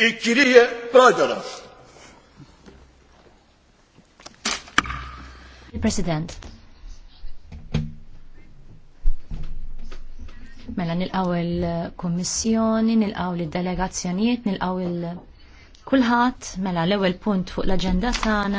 il kirija Pradaras. Il-President. Mela nilqaw il-Kommissjoni, nilqaw il-Delegazzjonijiet, nilqaw il-Kulħat, mela l-ewel punt fuq l-agenda tagħna.